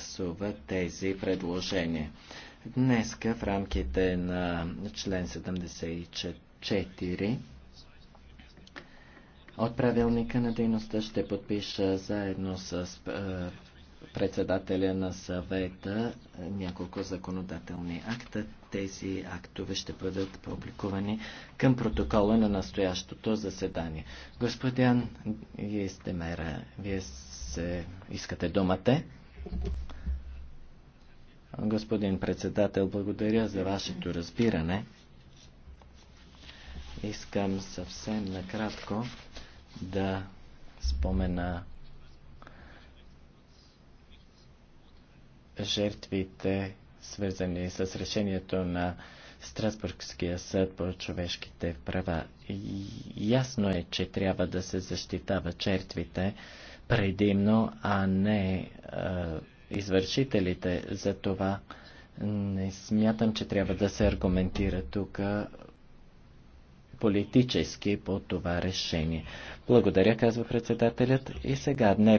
гласува тези предложения. Днес в рамките на член 74 от правилника на дейността ще подпиша заедно с е, председателя на съвета няколко законодателни акта. Тези актове ще бъдат публикувани към протокола на настоящото заседание. Господин Естемера, вие се искате думата? Господин председател, благодаря за вашето разбиране. Искам съвсем накратко да спомена жертвите, свързани с решението на Страсбургския съд по човешките права. Ясно е, че трябва да се защитава жертвите предимно, а не извършителите. За това не смятам, че трябва да се аргументира тук политически по това решение. Благодаря, казва председателят. И сега дневно